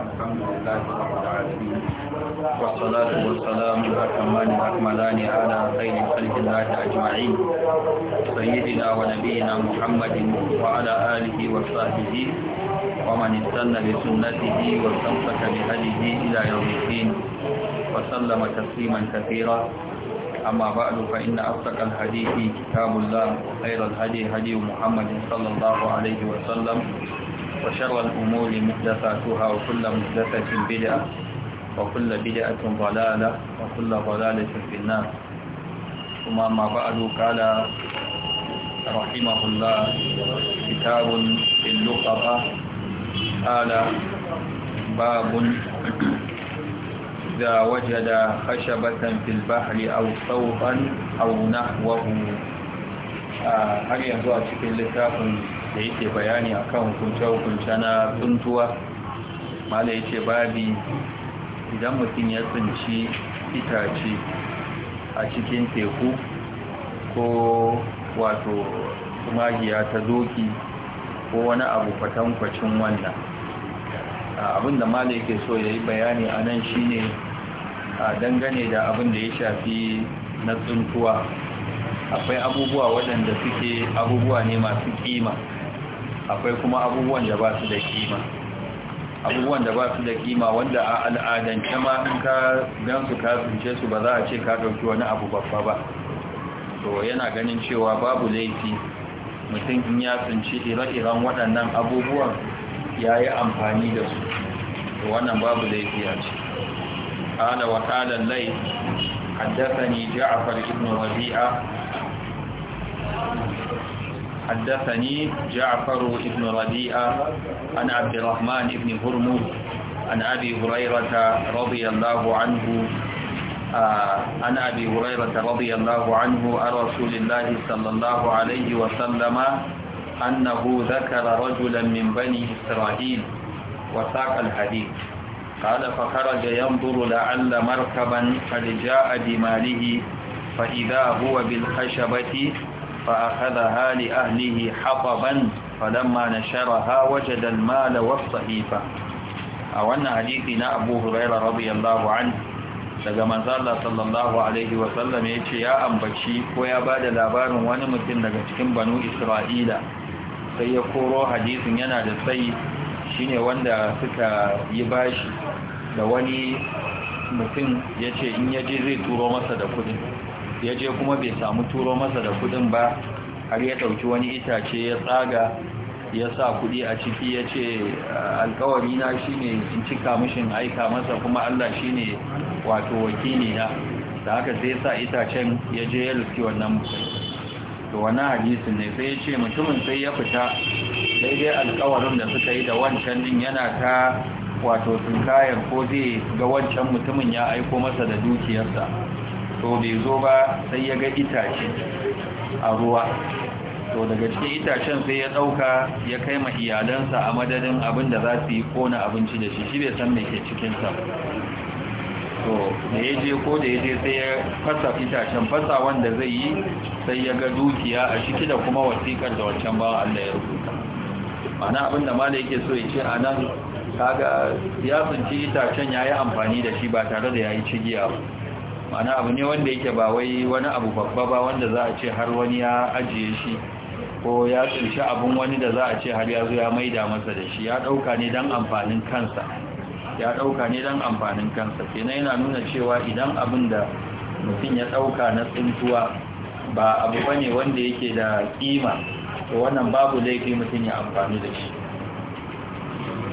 الحمد لله رب العالمين والصلاة والسلام الأكمان الأكملان على خير خلق الله أجمعين سيدنا ونبينا محمد وعلى آله وصحبه ومن استنى بسنته واستمسك بهديه إلى يوم الدين وسلم تسليما كثيرا أما بعد فإن أصدق الحديث كتاب الله وخير الهدي هدي محمد صلى الله عليه وسلم وشر الأمور محدثاتها وكل محدثة بدعة وكل بدعة ضلالة وكل ضلالة في النار ثم ما بعد قال رحمه الله كتاب في اللقطة قال باب إذا وجد خشبة في البحر أو صوفا أو نحوه har yanzu a cikin littafin da yake bayani a kan hukunce-hukunce na tuntuwa mala ya ce babi idan mutum ya tsinci itace a cikin teku ko wato magiya ta doki ko wani abu kwatankwacin wannan da mala yake so ya yi bayani a nan shine dangane da abin da ya shafi na tsuntuwa akwai abubuwa waɗanda suke abubuwa ne masu kima akwai kuma abubuwan da ba su da kima abubuwan da ba su da kima wanda a al'adance ma in ka gansu ka tsince su ba za a ce ka ɗauki wani abu babba ba to yana ganin cewa babu laifi mutum in ya tsinci ire-iren waɗannan abubuwan ya yi amfani da su to wannan babu laifi a ce قال وقال الليل حدثني جعفر بن ربيعه حدثني جعفر بن رديئة عن عبد الرحمن بن هرمز عن أبي هريرة رضي الله عنه آه، عن أبي هريرة رضي الله عنه عن رسول الله صلى الله عليه وسلم أنه ذكر رجلا من بني إسرائيل وساق الحديث قال فخرج ينظر لعل مركبا قد جاء بماله فإذا هو بالخشبة فأخذها لأهله حطبا فلما نشرها وجد المال والصحيفة A حديثنا أبو هريرة رضي الله عنه daga manzala sallallahu alaihi wasallam ya ce ya ambaci ko ya ba da labarin wani mutum daga cikin banu isra'ila sai ya koro hadisin yana da sai shine wanda suka yi bashi da wani mutum ya ce in yaje zai turo masa da kudin ya je kuma bai samu turo masa da kudin ba har ya ɗauki wani itace ya tsaga ya sa kudi a ciki ya ce alkawari na shi ne in cika mishin aika masa kuma allah shi ne wato wakili na da haka sai sa itacen ya je ya lufi wannan to wannan hadisin ne sai ya ce mutumin sai ya fita daidai alkawarin da suka yi da wancan din yana ta wato kayan ko zai ga wancan mutumin ya aiko masa da dukiyarsa to bai zo ba sai ya ga itace a ruwa to daga cikin itacen sai ya ɗauka ya kai ma iyalansa a madadin abin da za su yi kona abinci da shi shi bai san mai ke cikinsa to da ya je ko da ya je sai ya fasa itacen fasa wanda zai yi sai ya ga dukiya a ciki da kuma wasikar da wancan ba Allah ya rubuta mana abin da mala yake so ya ce a nan kaga ya tsinci itacen ya yi amfani da shi ba tare da ya yi cigiya ba ma'ana abu ne wanda yake ba wai wani abu babba ba wanda za a ce har wani ya ajiye shi ko ya tsinci abin wani da za a ce har ya zo ya maida masa da shi ya ɗauka ne don amfanin kansa ya ɗauka ne don amfanin kansa kenan yana nuna cewa idan abin da mutum ya ɗauka na tsintuwa ba abu ba ne wanda yake da ƙima to wannan babu laifi mutum ya amfani da shi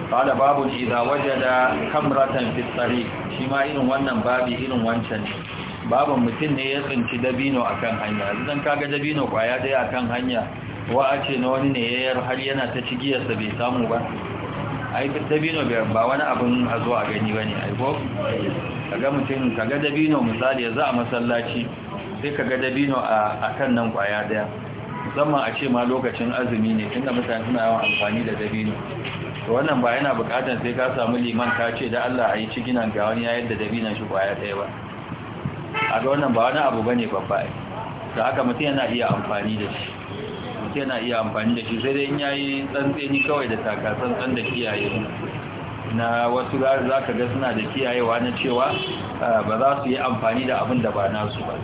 babu باب إذا da كمرة في fitsari. shi ma irin wannan babi irin wancan ne babin mutum ne ya tsinci dabino a kan hanya zan kaga dabino kwaya daya a kan hanya wa a ce na wani ne yar har yana ta cigiyarsa bai samu ba ai dabino ba wani abin a zo a gani ba ne aiko kaga mutum kaga dabino misali ya za a masallaci sai kaga dabino a kan nan kwaya daya musamman a ce ma lokacin azumi ne tunda mutane suna yawan amfani da dabino to wannan ba yana bukatar sai ka samu liman ka ce da Allah a yi cikinan ga wani yayin da dabinan shi kwaya ɗaya ba a ga wannan ba wani abu bane babba da haka mutum yana iya amfani da shi mutum yana iya amfani da shi sai dai in yayi tsantseni kawai da takatsantsan da kiyaye na wasu za ka ga suna da kiyayewa na cewa eh, ba za su yi amfani da abin da ba nasu ba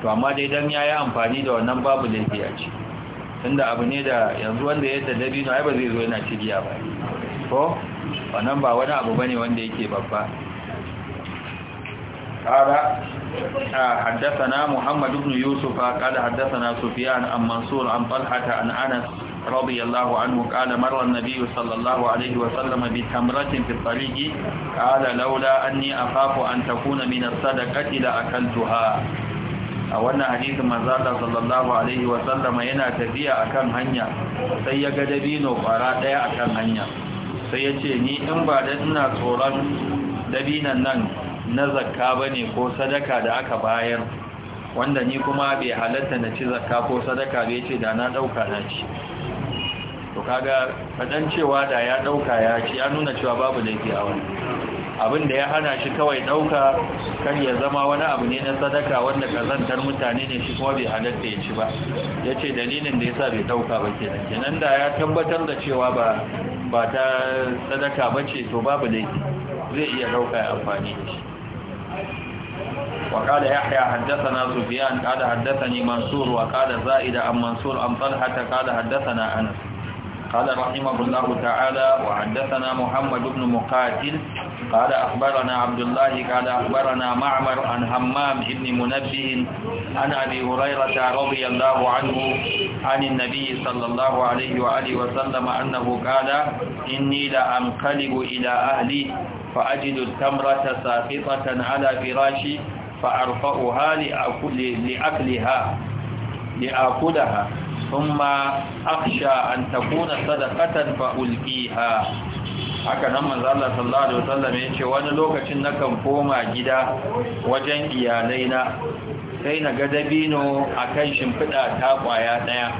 to amma dai dan yayi amfani da wannan babu lafiya ce. Tunda abu ne da yanzu wanda yadda Davido ba zai zo yana cibiya ba, ko ba ba wani abu bane wanda yake babba. Ah, haddasa na muhammad na Yusufa, kada haddasa na an Mansur, an Falhata an Anas, rabu ya yi la'ahu an muƙada, marar na sallallahu alaihi wa sallam, a bitamin rashin tsibirijin, kada Lauda an nina a kufu an tafuna minista da katila a kan tuha. a wannan hadisin manzala sallallahu alaihi wa sallama yana tafiya akan hanya sai ya ga dabino kwara daya akan hanya sai ya ce ni in ba da ina tsoron dabinan nan na zakka bane ko sadaka da aka bayar wanda ni kuma bai halatta na ci zakka ko sadaka bai ce da na dauka na ci to kaga fadan cewa da ya dauka ya ci ya nuna cewa babu laifi a wani abin da ya hana shi kawai ɗauka kan ya zama wani abu ne na sadaka wanda kazantar mutane ne shi kuma bai halatta ya ci ba ya ce dalilin da ya sa bai ɗauka ba kenan kenan da ya tabbatar da cewa ba ba ta sadaka ba ce to babu da zai iya ɗauka ya amfani da shi وقال يحيى حدثنا سفيان قال حدثني منصور وقال زائد عن منصور عن طلحه قال حدثنا انس قال رحمه الله تعالى وحدثنا محمد بن مقاتل قال أخبرنا عبد الله قال أخبرنا معمر عن همام بن منبه عن أبي هريرة رضي الله عنه عن النبي صلى الله عليه وآله وسلم أنه قال إني لأنقلب إلى أهلي فأجد التمرة ساقطة على فراشي فأرفعها لأكلها لأكلها ثم أخشى أن تكون صدقة فألقيها haka nan manzo Allah sallallahu alaihi wasallam ya ce wani lokacin na kan koma gida wajen iyalai na sai na ga dabino akan shimfiɗa ta kwaya daya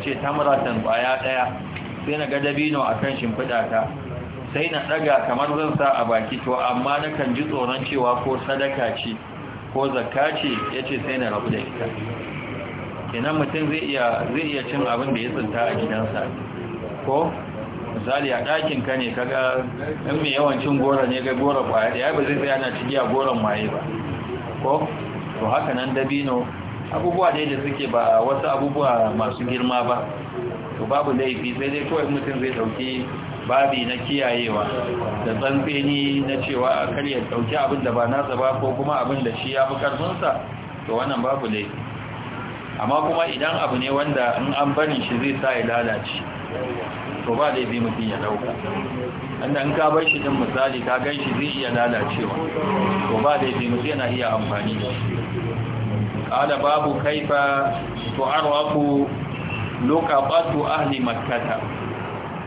ce tamratan kwaya daya sai na ga dabino akan shimfiɗa ta sai na daga kamar zan sa a baki to amma na kan ji tsoron cewa ko sadaka ce ko zakka ce yace sai na rabu da ita kenan mutum zai iya zai iya cin abin da ya tsinta a gidansa ko misali a ɗakin ka ne kaga in mai yawancin gora ne ga gora kwaya da ya ba zai tsaya na cigiya goron maye ba ko to haka nan dabino abubuwa dai da suke ba wasu abubuwa masu girma ba to babu laifi sai dai kawai mutum zai ɗauki babi na kiyayewa da tsantseni na cewa a karya ɗauki abin da ba nasa ba ko kuma abin da shi ya fi karfinsa to wannan babu laifi amma kuma idan abu ne wanda in an barin shi zai sa ya lalace to ba laifi mutum ya dauka inda in ka bar shi din misali ka gan shi zai iya lalacewa to ba bi mutum yana iya amfani da shi Kada babu kaifa to arwaku batu ahli makkata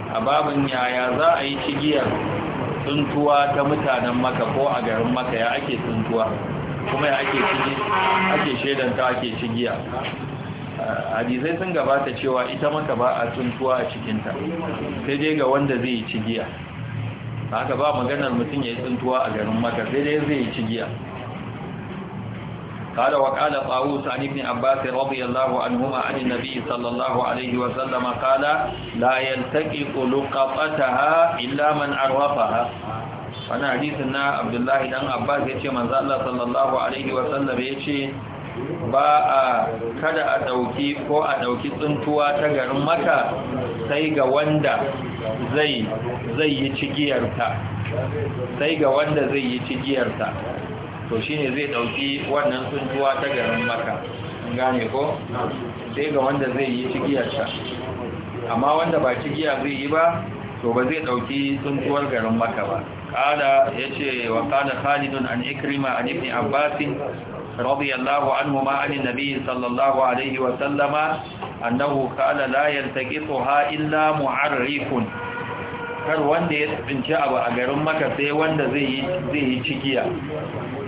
a babin yaya za a yi cigiyar tuntuwa ta mutanen maka ko a garin maka ya ake tuntuwa? kuma ya ake ake shaidanta ake cigiya hadisai sun gabata cewa ita maka ba a tuntuwa a cikinta sai dai ga wanda zai yi cigiya haka ba maganar mutum ya yi tuntuwa a garin maka sai dai zai yi cigiya قال وقال طاووس عن ابن عباس رضي الله عنهما عن النبي صلى الله عليه وسلم قال لا يلتقط لقطتها إلا من عرفها wani hadisin na abdullahi dan abbas ya ce manzo Allah sallallahu alaihi wa sallam ya ce ba a kada a dauki ko a dauki tsuntuwa ta garin maka sai ga wanda zai zai yi cigiyarta sai ga wanda zai yi cigiyarta to shine zai dauki wannan tsuntuwa ta garin maka gane ko sai ga wanda zai yi cigiyarta amma wanda ba cigiya zai yi ba to ba zai dauki tsuntuwar garin maka ba kala ya ce wa kala khalidun an ikrima an ibn abbasin رضي الله عنهما عن النبي صلى الله عليه وسلم أنه قال لا يلتقطها إلا معرف kar wanda ya tsinci abu a garin maka sai wanda zai yi cigiya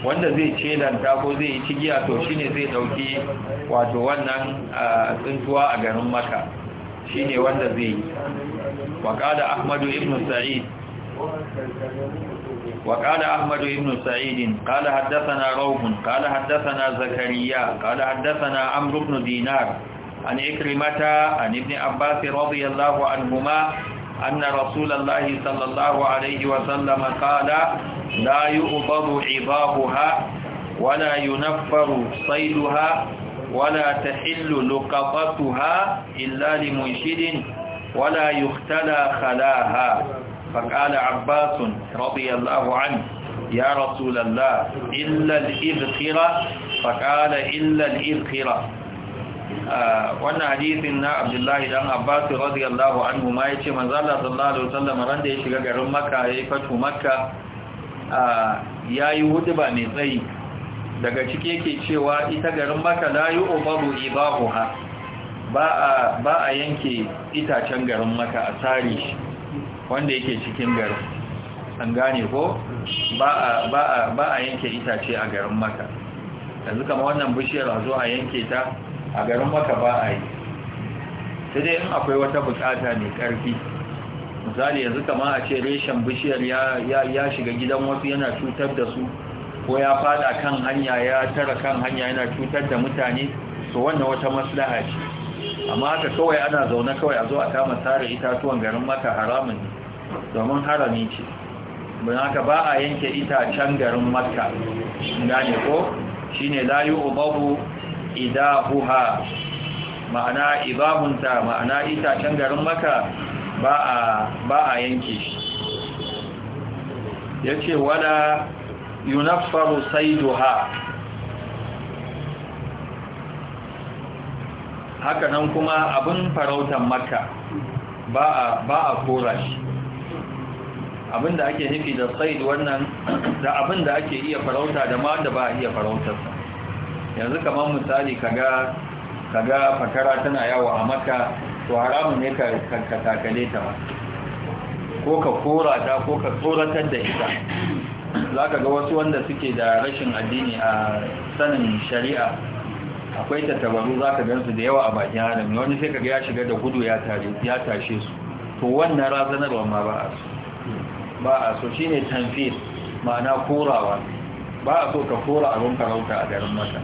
wanda zai ce lanta ko zai yi cigiya to shine zai dauki wato wannan tsintuwa a garin maka shine wanda zai yi wa qala ahmadu ibn sa'id وقال أحمد بن سعيد قال حدثنا روح قال حدثنا زكريا قال حدثنا عمرو بن دينار عن إكرمة عن ابن عباس رضي الله عنهما أن رسول الله صلى الله عليه وسلم قال لا يؤبض عظامها ولا ينفر صيدها ولا تحل لقطتها إلا لمنشد ولا يختلى خلاها فقال عباس رضي الله عنه يا رسول الله إلا الإذخرة فقال إلا الإذخرة wannan hadisin na abdullahi dan abbas radiyallahu anhu ma yace manzo Allah sallallahu alaihi wasallam ran da ya shiga garin makka yayi fatu makka yayi hutuba mai tsayi daga cike yake cewa ita garin makka la yu'baru ibahuha ba a ba a yanke itacen garin makka a tsari shi wanda yake cikin garin an gane ko ba a yanke itace a garin maka yanzu kama wannan bishiyar a zo a yanke ta a garin maka ba a yi sai dai in akwai wata bukata mai karfi misali yanzu kama a ce reshen bishiyar ya shiga gidan wasu yana cutar da su ko ya fada kan hanya ya tara kan hanya yana cutar da mutane to wannan wata maslaha ce amma haka kawai ana zaune kawai a zo a kama sare itatuwan garin maka haramun ne domin harami ce bin haka ba a yanke ita can garin makka gane ko shi ne layu ubabu idahuha ma'ana ibahunta ma'ana ita can garin makka ba a yanke shi ya ce wala yunafaru saiduha haka nan kuma abin farautan makka ba a kora shi abinda ake nufi da tsaid wannan da abinda ake iya farauta da ma da ba a iya farautarsa yanzu kamar misali kaga kaga fakara tana yawo a maka to haramun ne ka takale ta ba ko ka kora ta ko ka tsoratar da ita za ka ga wasu wanda suke da rashin addini a sanin shari'a akwai tattabaru za ka gansu da yawa a bakin harami wani sai ka ga ya shiga da gudu ya tashe su to wannan razanarwa ma ba a su ba a so ne tamfir ma'ana korawa ba a so ka kora abin farauta a garin maka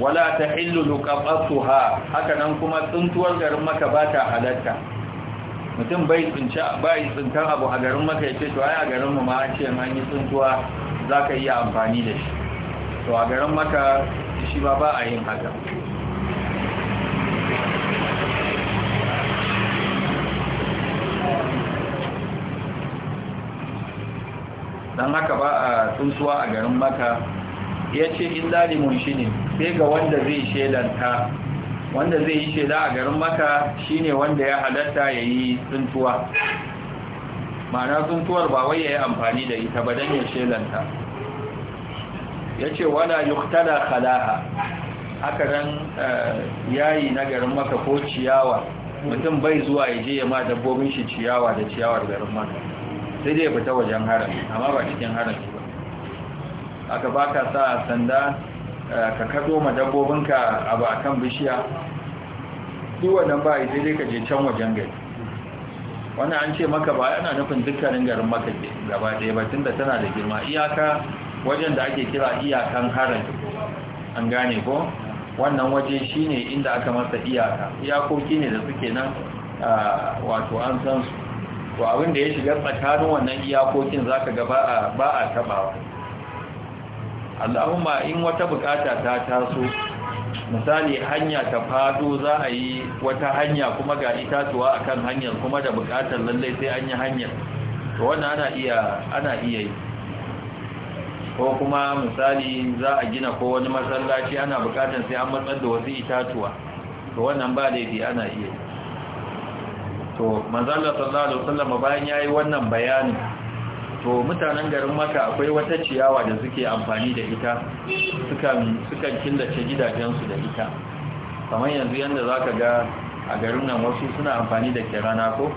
wala ta illu hillu ha! haka nan kuma tsuntuwar garin maka ba ta halatta mutum bai tsinta bai tsintar abu a garin maka ce to ai a garin mu ma an ce an yi tsuntuwa ka iya amfani da shi to a garin maka shi ba ba a yin haka don haka ba a tsuntsuwa a garin maka ya ce in zalimun shi ne sai ga wanda zai shedanta wanda zai yi sheda a garin maka shine wanda ya halatta ya yi tsuntuwa ma'ana tsuntuwar ba wai ya yi amfani da ita ba don ya shedanta ya ce wala yuktala khalaha haka nan eh, yayi na garin maka ko ciyawa mutum bai zuwa ya je ya ma dabbobin shi ciyawa da ciyawar garin maka sai dai fita wajen harami amma ba cikin harami ba aka baka sa sanda eh, ka kado ma dabbobinka ba kan bishiya duk wannan ba sai dai ka je can wajen gari wannan an ce maka ba yana nufin dukkanin garin maka gaba ɗaya ba tunda tana da girma iyaka wajen da ake kira iyakan harami an gane ko wannan waje shine inda aka masa iyaka iyakoki ne da suke nan eh, wato an san su to abin da ya shiga tsakanin wannan iyakokin zaka ga ba a ba a tabawa Allahumma in wata bukata ta taso misali hanya ta fado za a yi wata hanya kuma ga itatuwa kan hanyar kuma da bukatar lallai sai an yi hanyar to wannan ana iya yi ko kuma misali za a gina ko wani masallaci ana bukatar sai an matsar da wasu itatuwa to wannan ba laifi ana iya yi to manzala sallallahu alaihi wasallam bayan yayi wannan bayani to mutanen garin maka akwai wata ciyawa da suke amfani da ita sukan sukan killace gidajensu da ita kamar yanzu yanda zaka ga a garin nan wasu suna amfani da kirana ko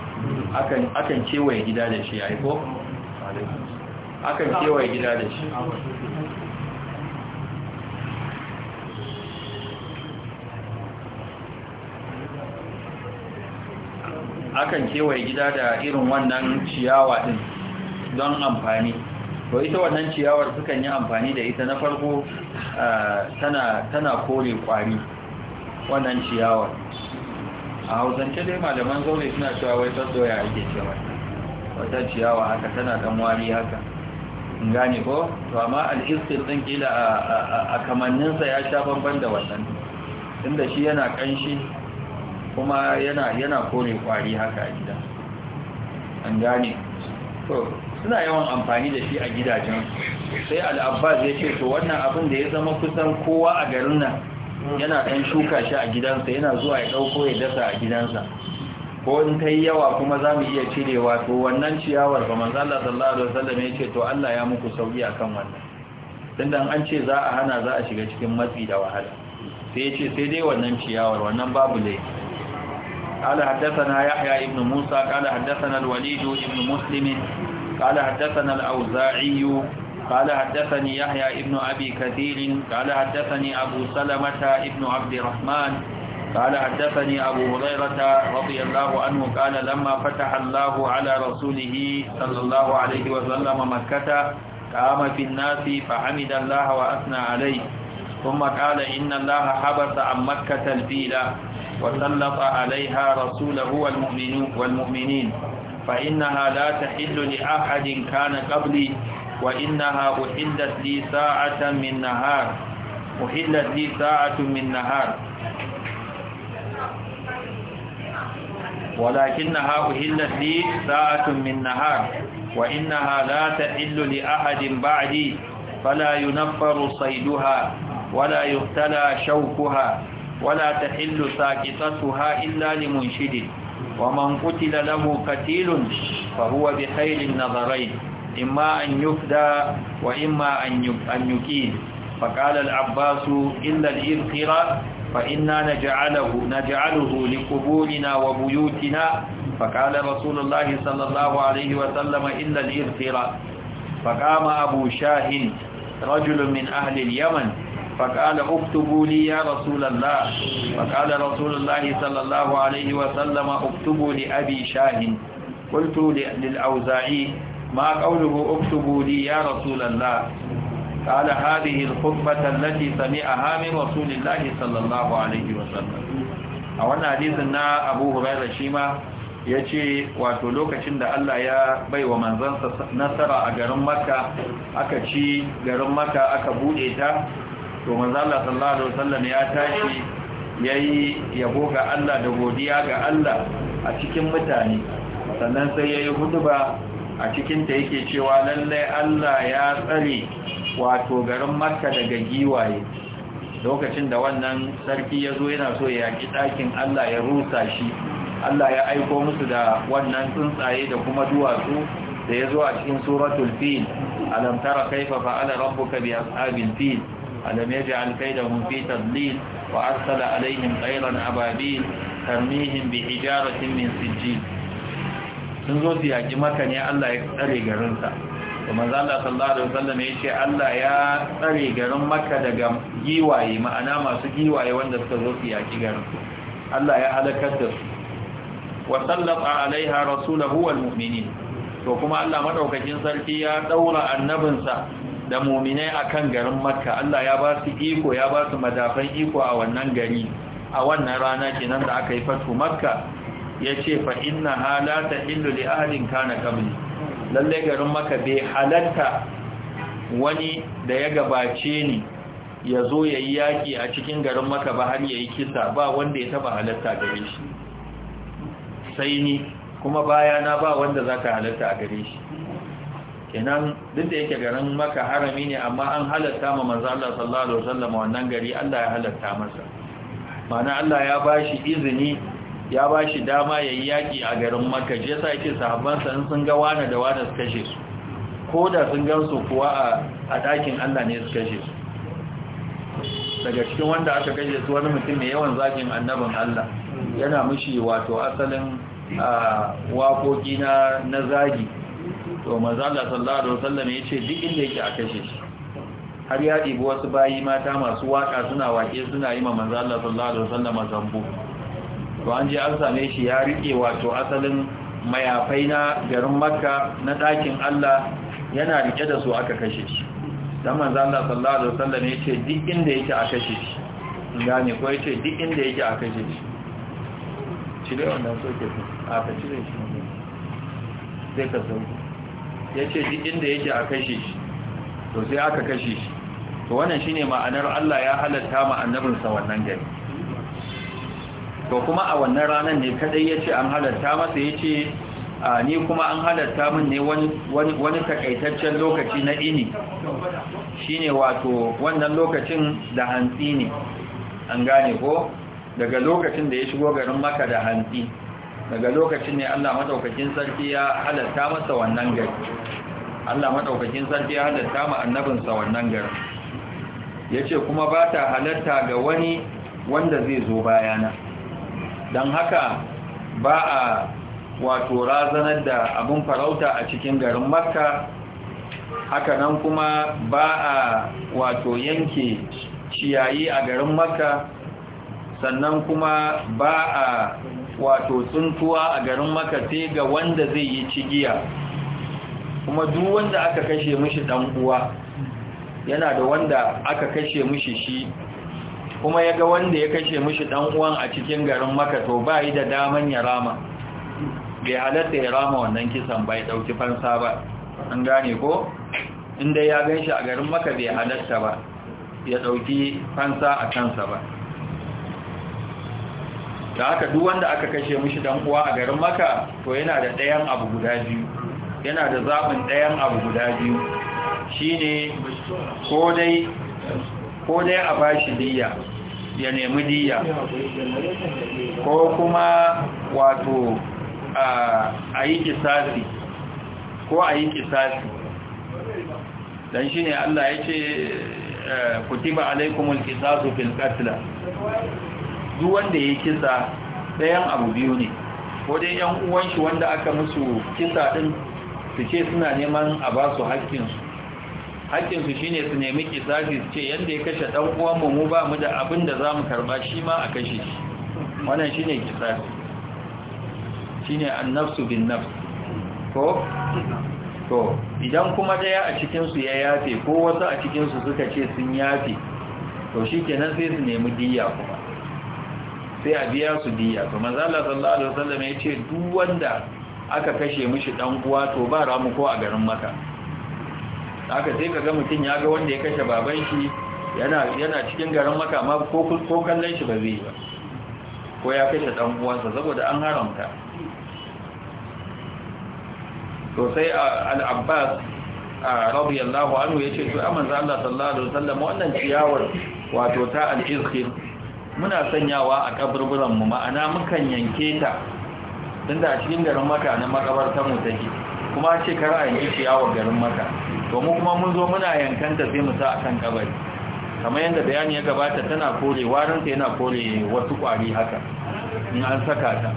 akan akan cewa gida da shi ai ko akan kewaye gida da shi akan kewaye gida da irin wannan ciyawa din don amfani to ita wannan ciyawar sukan yi amfani da ita na farko tana kore kwari wannan ciyawar a hausance dai malaman zaune suna cewa wai doya ake cewa wata ciyawa haka tana dan wari haka gane ko to amma al'istir din kila a kamanninsa ya sha bambam da wannan inda shi yana kanshi kuma yana yana kore kwari haka a gida an gane to suna yawan amfani da shi a gidajen sai al'abbas ya ce to wannan abin da ya zama kusan kowa a garin nan yana ɗan shuka shi a gidansa yana zuwa ya ɗauko ya dasa a gidansa ko in ta yi yawa kuma za mu iya cirewa to wannan ciyawar ba Allah sallallahu alaihi wasallam ya ce to Allah ya muku sauki akan wannan tunda an ce za a hana za a shiga cikin matsi da wahala sai ya ce sai dai wannan ciyawar wannan babu laifi قال حدثنا يحيى بن موسى قال حدثنا الوليد بن مسلم قال حدثنا الأوزاعي قال حدثني يحيى بن أبي كثير قال حدثني أبو سلمة بن عبد الرحمن قال حدثني أبو هريرة رضي الله عنه قال لما فتح الله على رسوله صلى الله عليه وسلم مكة قام في الناس فحمد الله وأثنى عليه ثم قال إن الله حبس عن مكة الفيلة وسلط عليها رسوله والمؤمنين فإنها لا تحل لأحد كان قبلي وإنها أحلت لي ساعة من نهار أحلت لي ساعة من نهار ولكنها أحلت لي ساعة من نهار وإنها لا تحل لأحد بعدي فلا ينفر صيدها ولا يختلى شوكها ولا تحل ساقطتها إلا لمنشد ومن قتل له قتيل فهو بخير النظرين إما أن يفدى وإما أن يكيد فقال العباس إلا الإذخرة فإنا نجعله, نجعله لقبورنا وبيوتنا فقال رسول الله صلى الله عليه وسلم إلا الإذخرة فقام أبو شاهن رجل من أهل اليمن فقال اكتبوا لي يا رسول الله فقال رسول الله صلى الله عليه وسلم اكتبوا لأبي شاهن قلت للأوزاعي ما قوله اكتبوا لي يا رسول الله قال هذه الخطبة التي سمعها من رسول الله صلى الله عليه وسلم أولا حديثنا أبو هريرة شيما ya ce wato lokacin da Allah ya bai wa manzansa nasara a garin maka aka ci garin maka aka bude ta to manzala sallallahu alaihi wasallam ya tashi yayi yabo ga Allah da godiya ga Allah a cikin mutane sannan sai yayi huduba a cikin ta yake cewa lallai Allah ya tsare wato garin Makka daga giwaye lokacin da wannan sarki ya zo yana so ya yaki ɗakin Allah ya rusa shi Allah ya aiko musu da wannan tsuntsaye da kuma duwatsu da ya zo a cikin suratul fil alam tara kaifa fa'ala rabbuka bi ashabil fil ألم يجعل كيدهم في تضليل وأرسل عليهم غيرا أبابيل ترميهم بحجارة من سجين sunzo su yaƙi maka ne Allah ya tsare garinsa kuma zala sallallahu alaihi wasallam ya Allah ya tsare garin maka daga giwaye ma'ana masu giwaye wanda suka zo su yaƙi garin Allah ya halakar su wa sallafa alaiha rasulahu wal mu'minin to kuma Allah madaukakin sarki ya ɗaura annabinsa da muminai kan garin makka Allah ya ba su iko ya ba su madafan iko a wannan gari a wannan rana kenan da aka yi fatu makka ya ce fa inna halata illu li ahlin kana qabli lalle garin makka bai halatta wani da ya gabace ni ya zo ya yi yaƙi a cikin garin maka ba har ya yi kisa ba wanda ya taba halatta gare shi sai ni kuma baya na ba wanda za ka halatta a gare shi kenan duk da yake garin maka harami ne amma an halatta ma manzo Allah sallallahu alaihi wasallam wannan gari Allah ya halatta masa mana Allah ya bashi izini ya bashi dama yayi yaki a garin maka je sai yake sahabban sa sun ga wani da wani suka kashe su ko da sun gan su kuwa a a dakin Allah ne suka kashe su daga cikin wanda aka kashe su wani mutum mai yawan zakin annabin Allah yana mishi wato asalin waƙoƙi na zagi to manzo Allah sallallahu alaihi wasallam yace duk inda yake a kashe shi har ya ɗibi wasu bayi mata masu waka suna waƙe suna yi ma manzo Allah sallallahu alaihi wasallam zambu to an je an same shi ya rike wato asalin mayafai na garin Makka na ɗakin Allah yana rike da su aka kashe shi dan manzo Allah sallallahu alaihi wasallam yace duk inda yake a kashe shi gane ko yace duk inda yake a kashe shi cire wannan soke a ka cire shi sai ka zo ya ce shi inda yake a kashe shi to sai aka kashe shi to wannan shine ma'anar Allah ya halatta ma wannan gari to kuma a wannan ranar ne kadai ya ce an halatta masa ya ce ni kuma an halatta min ne wani takaitaccen lokaci na ini shine wato wannan lokacin da hantsi ne an gane ko daga lokacin da ya shigo garin maka da hantsi daga lokacin ne Allah madaukakin sarki ya halatta masa wannan gari Allah madaukakin sarki ya halatta ma sa wannan gari yace kuma ba ta halatta ga wani wanda zai zo bayana dan haka ba a wato razanar da abun farauta a cikin garin makka haka nan kuma ba a wato yanke ciyayi a garin makka sannan kuma ba a wato tsuntuwa a garin maka sai ga wanda zai yi cigiya kuma duk wanda aka kashe mishi dan uwa yana da wanda aka kashe mishi shi kuma yaga wanda ya kashe mishi dan uwan a cikin garin maka to bai da daman ya rama bai halatta ya rama wannan kisan bai dauki fansa ba an gane ko inda ya ganshi a garin maka bai halatta ba ya dauki fansa a kansa ba da haka duk wanda aka kashe mishi dan uwa a garin maka to yana da ɗayan abu guda biyu yana da zaɓin ɗayan abu guda biyu shine ko dai ko dai a bashi diya ya nemi diya ko kuma wato a yi kisasi ko a yi kisasi don shi ne Allah ya ce eh, kutiba alaikumul kisasu fil katla duk wanda ya kisa ɗayan abu biyu ne ko dai yan uwan shi wanda aka musu kisa din su ce suna neman a ba su haƙƙinsu haƙƙinsu shine su nemi shi su ce yanda ya kashe ɗan uwan mu ba mu da abin da za mu karɓa shi ma a kashe shi wannan shine kisasi shine nafsu bin nafs ko to idan kuma ɗaya a cikinsu ya yafe ko wasu a cikinsu suka ce sun yafe to shi kenan sai su nemi diya sai a biya su diya to manzo Allah sallallahu alaihi wasallam ya ce duk wanda aka kashe mishi dan uwa to ba ramu ko a garin maka haka sai kaga mutun ya ga wanda ya kashe baban shi yana yana cikin garin maka amma ko ko kallon shi ba zai ba ko ya kashe dan uwansa saboda an haramta to sai al-Abbas radiyallahu anhu yace to manzo Allah sallallahu alaihi wasallam wannan ciyawar wato ta al-izkhir muna sanyawa a kaburburan mu ma'ana mukan yanke ta tunda a cikin garin maka na makabartar mu take kuma ce kar a yanki ciyawa garin maka to mu kuma mun zo muna yankanta sai mu sa akan kabari kamar yadda bayani ya gabata tana kore warinta yana kore wasu kwari haka in an saka ta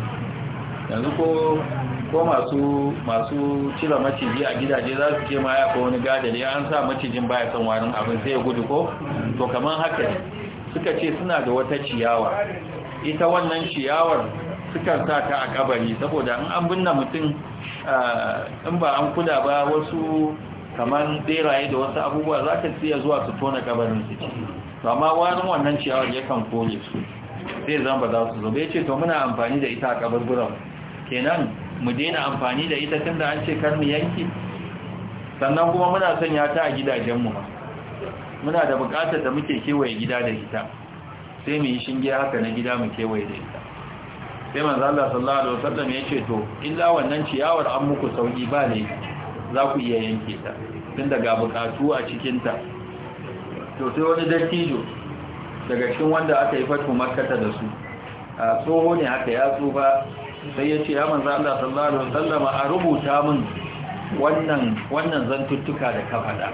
yanzu ko ko masu masu cire maciji a gidaje za su ce ma ya ko wani gadari an sa macijin baya son warin abin sai ya gudu ko to kamar haka ne suka ce suna da wata ciyawa ita wannan ciyawar suka sa ta a kabari saboda in an binne mutum eh, in ba an kula ba wasu kamar beraye da wasu abubuwa za ka siya zuwa su tona kabarin su to amma wani wannan ciyawar yakan kone su zai zan ba za su zo bai ce to muna amfani da ita a kabarburan kenan mu daina amfani da ita tun da an ce kar mu yanki sannan kuma muna sanya ta a gidajenmu ma muna da buƙatar da muke kewaye gida da ita sai mu yi shinge haka na gida mu kewaye da ita sai manzo Allah sallallahu alaihi wasallam ya ce to illa wannan ciyawar an muku sauki ba ne za ku iya yanke ta tun daga buƙatu a cikin ta to sai wani dattijo daga cikin wanda aka yi fatu makkata da su a tsoho ne haka ya tsufa sai ya ce ya manzo Allah sallallahu alaihi wasallam a rubuta min wannan wannan zantuttuka da kafada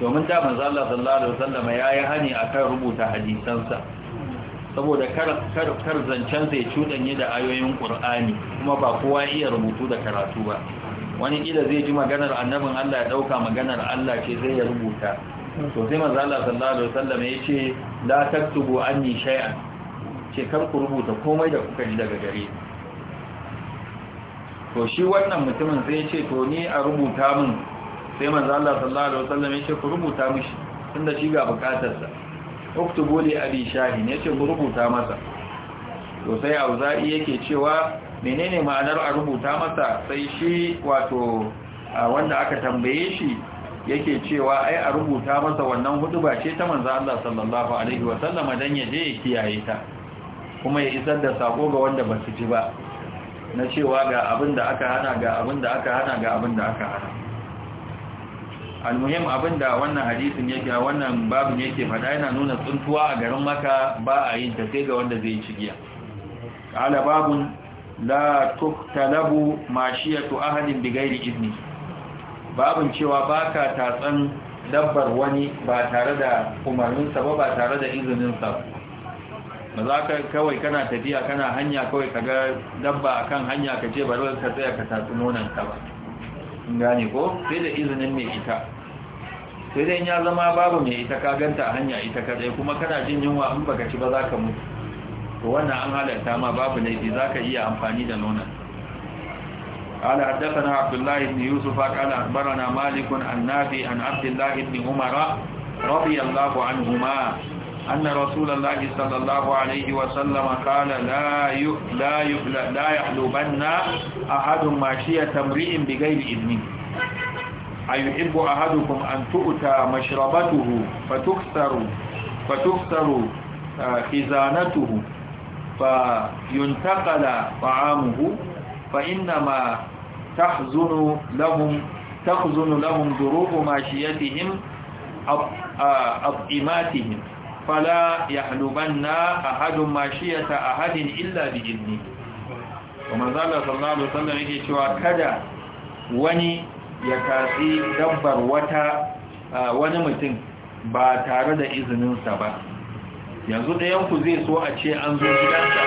domin da manzo Allah sallallahu alaihi wasallam yayi hani akan rubuta hadisansa saboda kar kar kar zancen sai cudanye da ayoyin Qur'ani kuma ba kowa iya rubutu da karatu ba wani ila zai ji maganar annabin Allah ya ɗauka maganar Allah ce zai ya rubuta to sai manzo Allah sallallahu alaihi wasallam yace la taktubu anni shay'an ce kar ku rubuta komai da kuka ji daga gare to shi wannan mutumin zai ce to ni a rubuta min sai manzo Allah sallallahu alaihi wasallam ya ku rubuta mishi tunda shi ga sa uktubu li abi shahi ne ce ku rubuta masa to sai auza'i yake cewa menene ma'anar a rubuta masa sai shi wato wanda aka tambaye shi yake cewa ai a rubuta masa wannan hutuba ce ta manzo Allah sallallahu alaihi wasallam dan ya je ya kiyaye ta kuma ya isar da sako ga wanda ba su ji ba na cewa ga abin da aka hana ga abin da aka hana ga abin da aka hana almuhim abinda wannan hadisin yake wannan babin yake fada yana nuna tsuntuwa a garin maka ba a yin ta sai ga wanda zai ci giya ala babun la tuktalabu mashiyatu ahadin bighairi idni babun cewa baka tatsan dabbar wani ba tare da umarnin ba ba tare da izininsa ba za ka kawai kana tafiya kana hanya kawai kaga dabba akan hanya ka ce bari ka tsaya ka tatsi ka ba gane ko sai da izinin mai ita sai dai ya zama babu mai ita ka ganta a hanya ita kadai kuma kana jin yunwa in baka ci ba za ka mutu to wannan an halarta ma babu laifi za ka iya amfani da nonon قال حدثنا عبد الله بن يوسف قال أخبرنا مالك عن نافي عن عبد الله بن عمر رضي أن رسول الله صلى الله عليه وسلم قال لا لا لا يحلبن أحد ماشية امرئ بغير إذنه أيحب أحدكم أن تؤتى مشربته فتكسر فتكسر خزانته فينتقل طعامه فإنما تحزن لهم تحزن لهم ظروف ماشيتهم أطئماتهم Fala فلا يحلبن أحد ماشية أحد إلا بإذنه وما زال da الله ya وسلم cewa kada wani ya يكاسي dabbar wata wani mutum ba tare da izininsa ba yanzu yanku zai so a ce an zo gidansa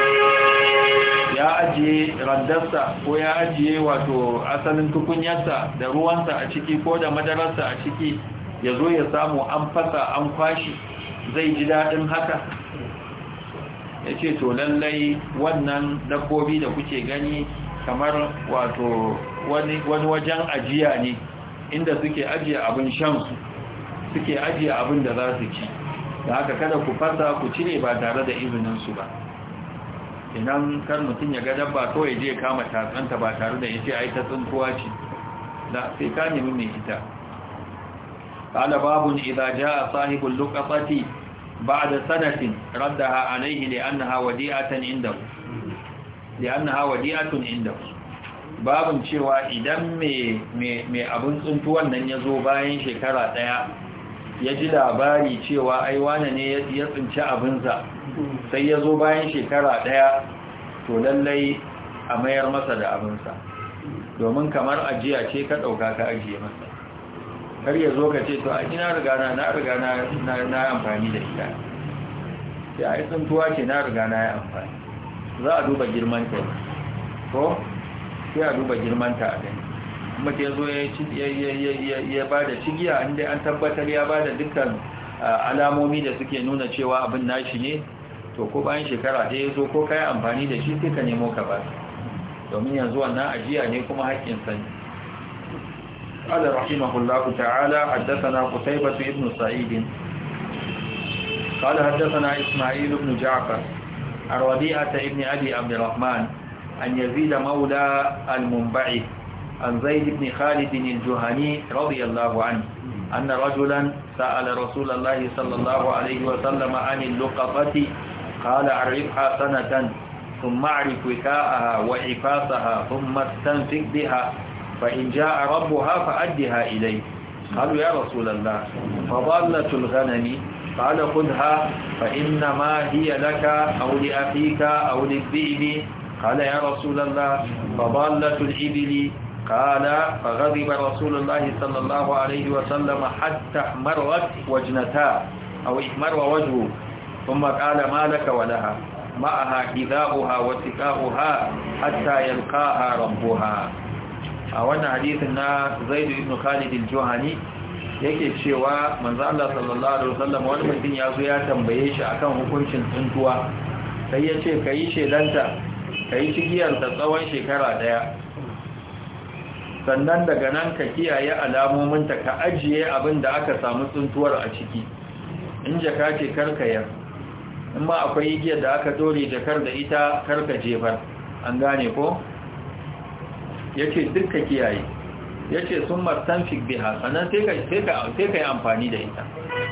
ya ajiye randarsa ko ya ajiye wato asalin tukunyarsa da ruwansa a ciki ko da madararsa a ciki ya zo ya samu an fasa an kwashi zai ji daɗin haka ya ce to lallai wannan dabbobi da kuke gani kamar wato wani wajen ajiya ne inda suke ajiye abin shansu suke ajiye abin da za su ci da haka kada ku fasa ku cire ba tare da izininsu ba idan kar mutum ya ga dabba kawai je kama tatsanta ba tare da ya ce ai ta tsintuwa ce da sai ka nemi mai ita قال باب إذا جاء صاحب اللقطة بعد سنة ردها عليه لأنها وديعة عنده لأنها وديعة عنده babin cewa idan mai abin tsuntuwan nan ya zo bayan shekara ɗaya ya ji labari cewa ai ne ya tsinci abinsa sai ya zo bayan shekara ɗaya to lallai a mayar masa da abinsa domin kamar ajiya ce ka ɗauka ka ajiye masa kar ya zo ka ce to a ina riga na na riga na na amfani da ita sai a yi tsuntuwa ce na riga na yi amfani za a duba girman ta ko sai a duba girman ta a gani kuma ta zo ya ba da cigiya inda an tabbatar ya ba da dukkan alamomi da suke nuna cewa abin nashi ne to ko bayan shekara ɗaya zo ko ka yi amfani da shi sai ka nemo ka ba domin yanzu wannan ajiya ne kuma haƙƙin sani قال رحمه الله تعالى حدثنا قتيبة بن سعيد قال حدثنا إسماعيل بن جعفر عن وديعة بن أبي عبد الرحمن عن يزيد مولى المنبعث عن زيد بن خالد الجهني رضي الله عنه أن رجلا سأل رسول الله صلى الله عليه وسلم عن اللقطة قال عرفها سنة ثم اعرف وكاءها وعفاصها ثم استنفق بها فإن جاء ربها فأدها إليه قالوا يا رسول الله فضالة الغنم قال خذها فإنما هي لك أو لأخيك أو للذئب قال يا رسول الله فضالة الإبل قال فغضب رسول الله صلى الله عليه وسلم حتى احمرت وجنتا أو احمر وجهه ثم قال ما لك ولها معها حذاؤها وسكاؤها حتى يلقاها ربها a wannan hadisin na zaidu ibn khalid al-juhani yake cewa manzo Allah sallallahu alaihi wasallam wani mutum ya zo ya tambaye shi akan hukuncin tsuntuwa sai ya ce kai shedanta kai cigiyar ta tsawon shekara daya sannan daga nan ka kiyaye alamomin ta ka ajiye abin da aka samu tsuntuwar a ciki in jaka ce karkayar in ma akwai igiyar da aka dore jakar da ita karka jefar an gane ko ya ce duk kiyaye ya ce sun martanfik biha sannan sai ka yi amfani da ita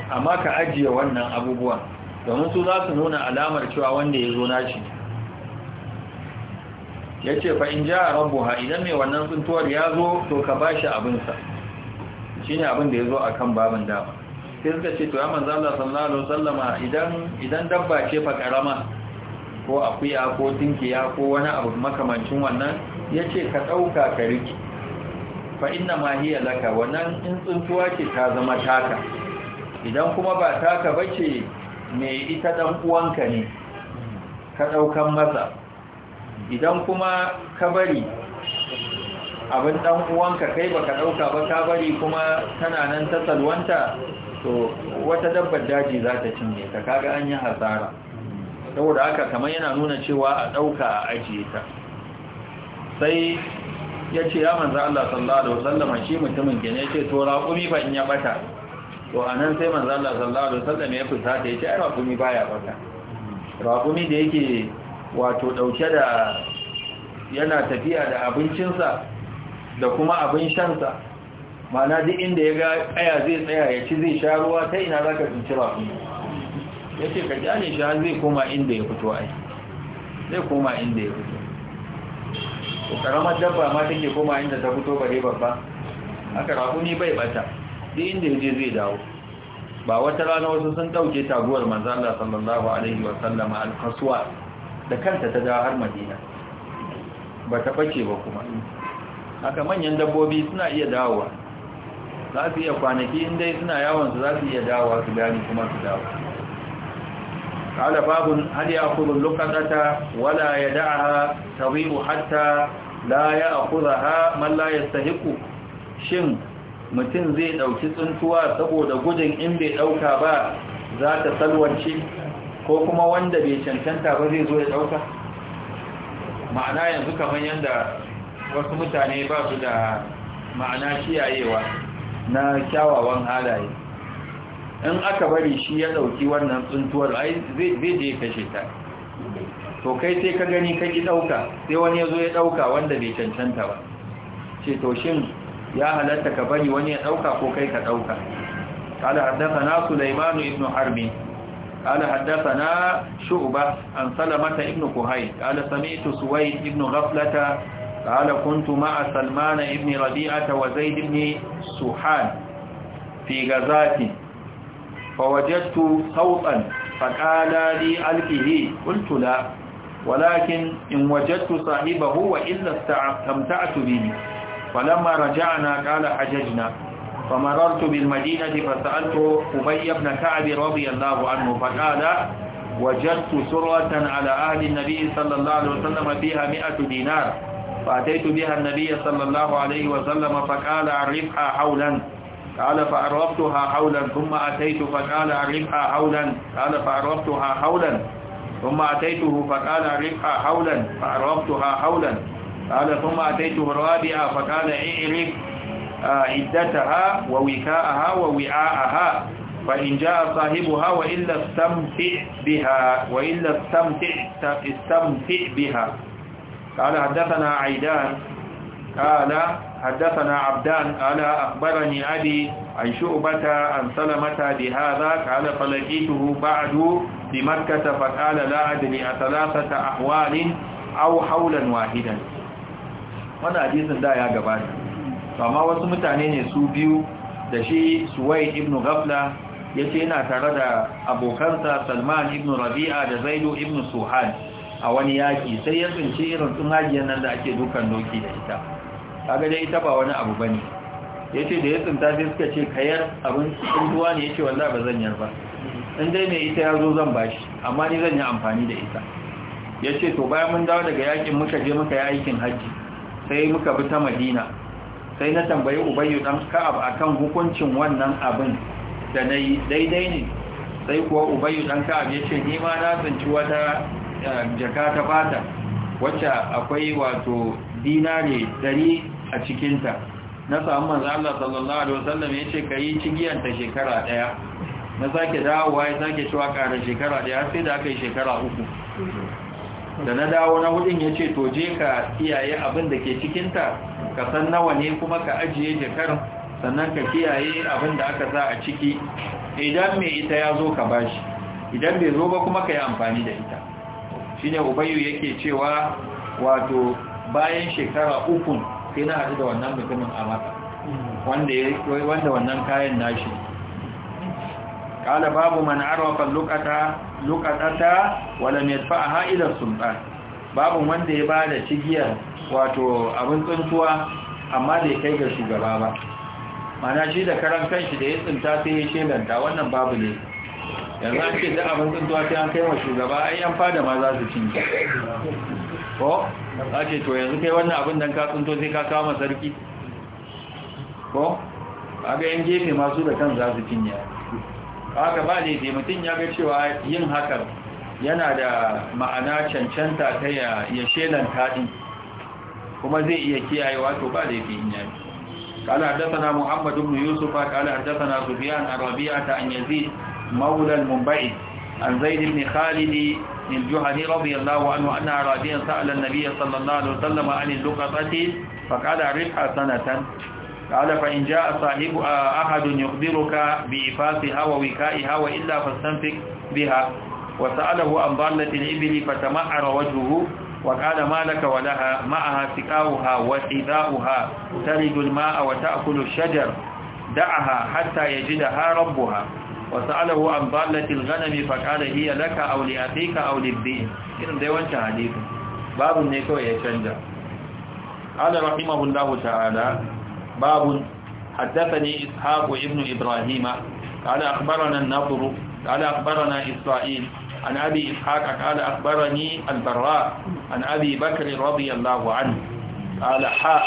amma ka ajiye wannan abubuwan domin su za su nuna alamar cewa wanda ya zo nashi ya ce fa in ja rabu ha idan mai wannan tsuntuwar ya zo to ka ba shi abinsa shi ne abin da ya zo a kan babin dama sai suka ce to ya manzan Allah sallallahu alaihi wasallama idan dabba ce fa karama ko akuya ko tinkiya ko wani abu makamancin wannan ya ce ka ɗauka ka riƙe fa inna ma hiya laka wannan in tsuntuwa ce ta zama taka idan kuma ba taka ba ce mai ita ɗan uwanka ne ka ɗaukan masa idan kuma ka bari abin ɗan uwanka kai ba ka ɗauka ba ka bari kuma tana nan ta salwanta to wata dabbar daji za ta cinye ta kaga an yi hasara saboda haka kamar yana nuna cewa a ɗauka a ajiye ta sai ya ce ya manza Allah sallallahu alaihi wasallam shi mutumin ya ce to raƙumi fa in ya bata to anan sai manza Allah sallallahu alaihi wasallam ya fita ta ce ai raƙumi baya bata raƙumi da yake wato dauke da yana tafiya da abincinsa da kuma abin shansa mana duk inda ya ga aya zai tsaya ya ci zai sha ruwa ta ina zaka tsinci raƙumi yace ka jane shi har zai koma inda ya fito ai zai koma inda ya fito to karamar dabba ma take koma inda ta fito bare babba aka ni bai bata duk inda yaje zai dawo ba wata rana wasu sun dauke taguwar manzo Allah sallallahu alaihi wa sallama al-qaswa da kanta ta dawo har Madina ba ta bace ba kuma haka manyan dabbobi suna iya dawowa za su iya kwanaki inda suna yawon su za su iya dawowa su gani kuma su dawo قال باب هل da'a اللقطة ولا يدعها تضيء حتى لا يأخذها من لا يستحق شن mutum zai ɗauki tsuntuwa saboda gudun in bai ɗauka ba zata ta salwance ko kuma wanda bai cancanta ba zai zo ya ɗauka ma'ana yanzu kamar yadda wasu mutane ba su da ma'ana kiyayewa na kyawawan halaye in aka bari shi ya ɗauki wannan tsuntuwar ai zai je kashe ta to kai sai ka gani ka ki ɗauka sai wani ya zo ya ɗauka wanda bai cancanta ba ce to shin ya halatta ka bari wani ya ɗauka ko kai ka ɗauka قال حدثنا سليمان بن حرب قال حدثنا شعبة عن سلمة بن كهيل قال سمعت سويد بن غفلة قال كنت مع سلمان بن ربيعة وزيد بن سحان في غزاة فوجدت صوتا فقال لي ألقه قلت لا ولكن إن وجدت صاحبه وإلا استمتعت به فلما رجعنا قال حججنا فمررت بالمدينة فسألت أبي بن كعب رضي الله عنه فقال وجدت سرة على أهل النبي صلى الله عليه وسلم فيها مئة دينار فأتيت بها النبي صلى الله عليه وسلم فقال عرفها حولا قال فأرغبتها حولا ثم أتيت فقال عرفها حولا قال فأرغبتها حولا ثم أتيته فقال عرفها حولا فأرغبتها حولا قال ثم أتيته رابعا فقال اعرف آه، عدتها ووكاءها ووعاءها فإن جاء صاحبها وإلا استمتع بها وإلا استمتع استمتع بها قال حدثنا عيدان قال حدثنا عبدان قال أخبرني أبي عن شعبة عن سلمة بهذا قال فلقيته بعد بمكة فقال لا أدري ثلاثة أحوال أو حولا واحدا وانا حديث دا يا جبان فما wasu mutane ne su biyu da shi Suwaid ibn Ghafla yace yana tare da abokansa Salman ibn Rabi'a da Zaidu ibn Suhan a wani yaki sai ya tsinci irin tsumagiyar nan da ake dukan doki da ita kaga dai ita ba wani abu bane yace da ya tsinta sai suka ce kayar abin tsintuwa ne yace wallahi bazan yar ba in dai ne ita ya zo zan bashi amma ni zan yi amfani da ita yace to bayan mun dawo daga yakin muka je muka yi aikin haji sai muka bi ta Madina sai na tambayi Ubayyu dan Ka'ab akan hukuncin wannan abin da nayi daidai ne sai kuwa Ubayyu dan Ka'ab yace ni ma na tsinci wata eh, jaka ta fata wacce akwai wato dinare a cikinta na samu manzo Allah sallallahu alaihi wasallam yace kai cigiyan ta shekara daya na sake dawowa ya sake cewa ƙara shekara daya sai da aka yi shekara uku da na dawo na hudin ce to je ka kiyaye abin da ke cikinta ka san nawa ne kuma ka ajiye jakar sannan ka kiyaye abin da aka sa a ciki idan mai ita ya zo ka bashi idan bai zo ba kuma ka yi amfani da ita shine ubayyu yake cewa wato bayan shekara uku sai na haɗu da wannan mutumin a maka hmm. wanda ya wanda wannan kayan nashi kala babu man arafa luqata wala mai fa'a ha'idar ila sultan babu wanda ya ba da cigiyar wato abin tsuntuwa amma bai kai ga shugaba ba mana shi da karan kanshi da ya tsinta sai ya shelanta wannan babu ne yanzu an ce da abin tsuntuwa sai an kai wa shugaba ayyan fada ma za su cinye ko ake ce to yanzu kai wannan abin dan ka tsunto sai ka kama sarki ko aga yan gefe masu da kan za su cinye haka ba daidai mutum ya ga cewa yin hakan yana da ma'ana cancanta ta ya shelan taɗi kuma zai iya kiyayewa wato ba daidai in yaki قال حدثنا محمد بن يوسف قال حدثنا سفيان عن ربيعة عن يزيد مولى Mumbai, عن زيد بن خالد الجهني رضي الله عنه أن أعرابيا سأل النبي صلى الله عليه وسلم عن اللقطة فقال عرفها سنة قال فإن جاء صاحب آه، أحد يخبرك بإفاسها ووكائها وإلا فاستنفق بها وسأله عن ضالة الإبل فتمعر وجهه وقال ما لك ولها معها سقاؤها وحذاؤها تلد الماء وتأكل الشجر دعها حتى يجدها ربها وسأله عن ضالة الغنم فقال هي لك أو لأخيك أو للدين إذن دي وانت حديث باب نيكو يشنجا قال رحمه الله تعالى باب حدثني إسحاق ابن إبراهيم قال أخبرنا النضر قال أخبرنا إسرائيل عن أبي إسحاق قال أخبرني البراء عن أبي بكر رضي الله عنه قال حاء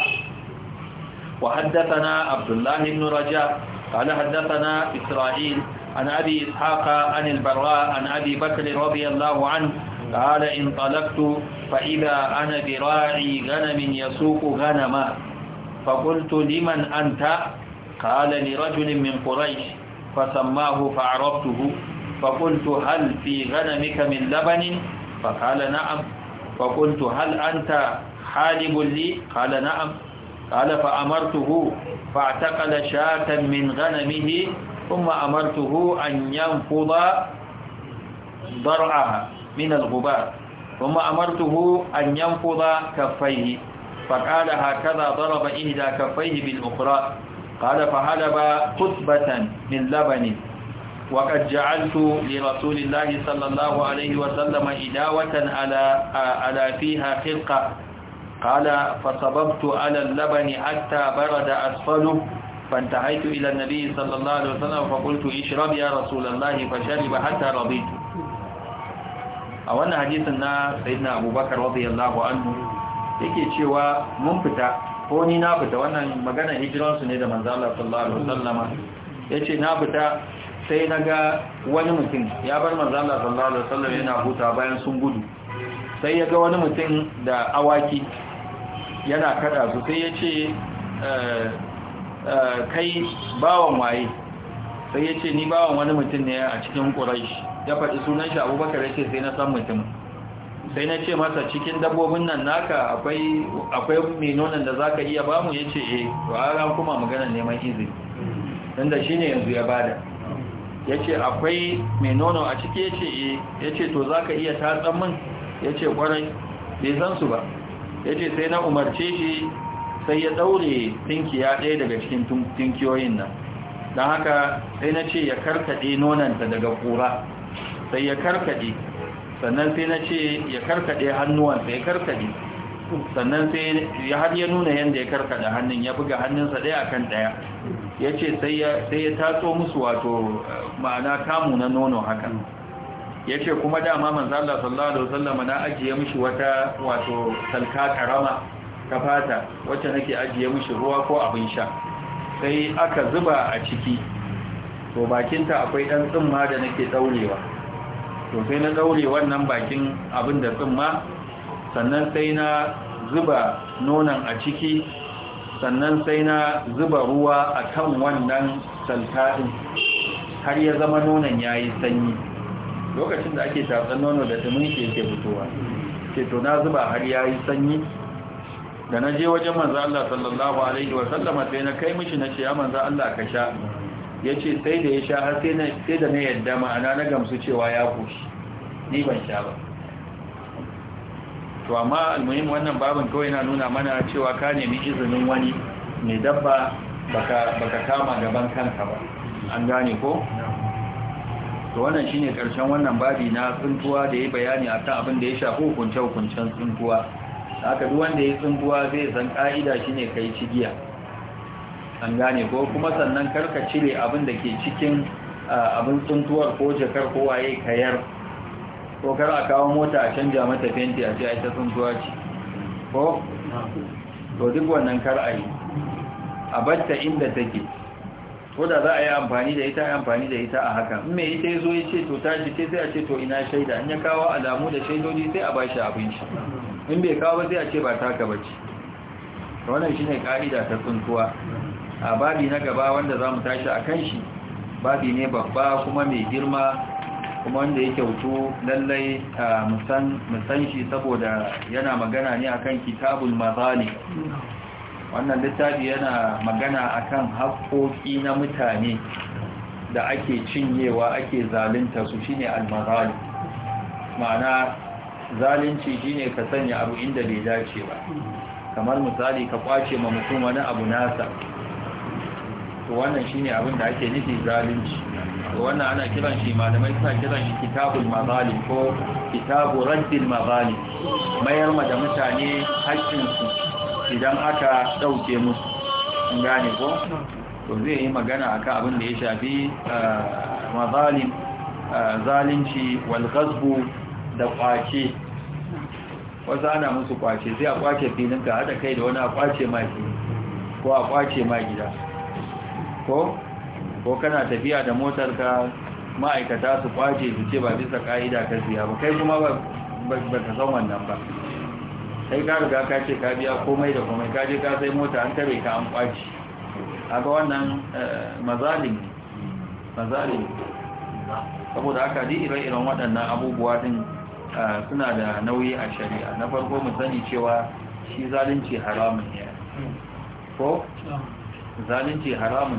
وحدثنا عبد الله بن رجاء قال حدثنا إسرائيل عن أبي إسحاق عن البراء عن أبي بكر رضي الله عنه قال انطلقت فإذا أنا براعي غنم يسوق غنما فقلت لمن أنت قال لرجل من قريش فسماه فعرفته فقلت هل في غنمك من لبن فقال نعم فقلت هل أنت حالب لي قال نعم قال فأمرته فاعتقل شاة من غنمه ثم أمرته أن ينفض ضرعها من الغبار ثم أمرته أن ينفض كفيه فقال هكذا ضرب إهدى كفيه بالأخرى قال فحلب قطبة من لبن وقد جعلت لرسول الله صلى الله عليه وسلم إداوة على, على فيها خلقة قال فصببت على اللبن حتى برد أسفله فانتهيت إلى النبي صلى الله عليه وسلم فقلت اشرب يا رسول الله فشرب حتى رضيت yake cewa mun fita ko ni na fita wannan magana ne da sallallahu alaihi yace na fita sai naga wani mutum ya bar manzala sallallahu alaihi wasallam yana huta bayan sun gudu sai yaga wani mutum da awaki yana kada su sai yace eh, Eh, kai bawan waye sai ya ni bawan wani mutum ne a cikin ƙuraish ya faɗi sunan shi abubakar ya ce sai na san mutum sai na ce masa cikin dabbobin nan naka akwai menonan da za ka iya bamu ya ce e eh. ra'aran kuma magana neman izini don da shi yanzu ya bada ya ce akwai menono a ciki ya ce e to za iya tatsan min ya ce kwarai bai san su ba ya ce sai na umarce shi sai ya daure tinkiya ɗaya daga cikin tinkiyoyin nan don haka sai na ce ya karkaɗe nonanta daga ƙura sai ya karkaɗe sannan sai na ce ya karkaɗe hannuwansa ya karkaɗe sannan sai ya har ya nuna yadda ya karkaɗe hannun ya buga hannunsa ɗaya akan ɗaya ya ce sai ya tatso musu wato ma'ana kamu na nono haka ya ce kuma dama manzala sallallahu alaihi wasallam na ajiye mishi wata wato salka karama fata, wacce nake ajiye mishi ruwa ko abin sha sai aka zuba a ciki to bakinta akwai ɗan tsumma da nake ɗaurewa to sai na ɗaure wannan bakin abin da tsumma sannan sai na zuba nonon a ciki sannan sai na zuba ruwa a kan wannan saltaɗin, har ya zama nonon ya yi sanyi lokacin da ake tatsan nono da tumin ke fitowa ke to na zuba har ya yi sanyi da na je wajen manzo Allah sallallahu alaihi wa sallama sai na kai mishi na ce ya manzo Allah ka sha yace sai da ya sha har sai na sai da na yadda ma'ana na gamsu cewa ya kushi ni ban sha ba to amma almuhim wannan babin kawai yana nuna mana cewa ka nemi izinin wani mai dabba baka baka kama gaban kanka ba an gane ko to wannan shine karshen wannan babi na tsuntuwa da yayi bayani akan abin da ya shafi hukunce hukuncen tsuntuwa haka duk wanda ya tsuntuwa zai san ka'ida ne kai cigiya an gane ko kuma sannan karka cire abin da ke cikin abin tsuntuwar ko jakar ko waye kayar ko kar a kawo mota a canja mata fenti a ce a ita tsuntuwa ce ko to duk wannan kar a yi a batta inda take ko da za a yi amfani da ita amfani da ita a haka in mai ita ya zo ya ce to ta jike sai a ce to ina shaida in ya kawo alamu da shaidoji sai a ba shi abin shi in bai kawo ba sai a ce ba taka bace wannan shine ƙa'ida ta tsuntuwa a babi na gaba wanda zamu tashi akan shi babi ne babba kuma mai girma kuma wanda ya kyautu lallai musan shi saboda yana magana ne akan kitabul mazali wannan littafi yana magana akan haƙoƙi na mutane da ake cinyewa ake zalunta su shine al-mazali ma'ana zalunci shine ka sanya abu inda bai dace ba kamar misali ka kwace ma mutum wani abu nasa to wannan shine abin da ake nufi zalunci to wannan ana kiran shi malamai suna kiran shi kitabul mazalim ko kitabu raddil mazalim mayar ma da mutane haƙƙinsu idan aka ɗauke musu in gane ko to zai yi magana akan abin da ya shafi eh, mazalim eh, zalunci wal da kwace wasu ana musu kwace sai a kwace filin ka haɗa kai da wani a kwace ma fili ko a kwace ma gida ko ko kana tafiya da motar ka ma'aikata su kwace su ce ba bisa ka'ida ka siya ba kai kuma ba ka san wannan ba sai ka riga ka ce ka biya komai da komai ka je ka sai mota an tare ka an kwace aga wannan mazalim eh, mazalim saboda haka di ire-iren waɗannan abubuwa din Eh, suna da nauyi a shari'a na farko mu sani cewa shi zalunci haramun ne ko zalunci haramun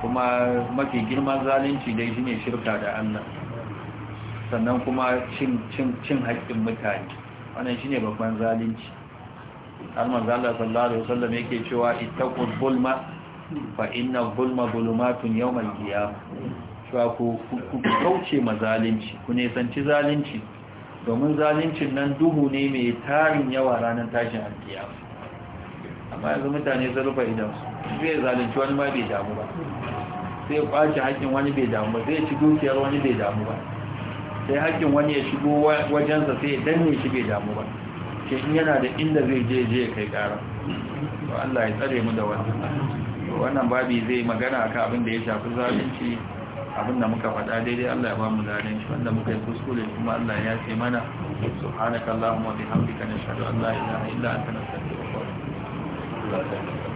kuma mafi girman zalunci dai shine shirka da Allah sannan kuma cin haƙƙin mutane wannan shine babban zalunci har Allah sallallahu alaihi wasallam yake cewa ittaqul zulma fa inna zulma zulumatun yawmal qiyamah ku kauce ma zalunci ku ne sanci zalunci domin zalincin nan duhu ne mai tarin yawa ranar tashin alkiya amma yanzu mutane sun rufe idan su zai zalunci wani ma bai damu ba zai kwace haƙƙin wani bai damu ba zai ci dukiyar wani bai damu ba sai haƙƙin wani ya shigo wajensa sai ya danne shi bai damu ba ke in yana da inda zai je je ya kai ƙara to Allah ya tsare mu da wannan wannan babi zai magana akan abin da ya shafi zalunci abinda muka faɗa daidai Allah ya ba mu ladan shi wanda muka yi kuskure kuma Allah ya ce mana subhanakallahumma wa bihamdika nashhadu an la ilaha illa anta nastaghfiruka wa natubu ilaik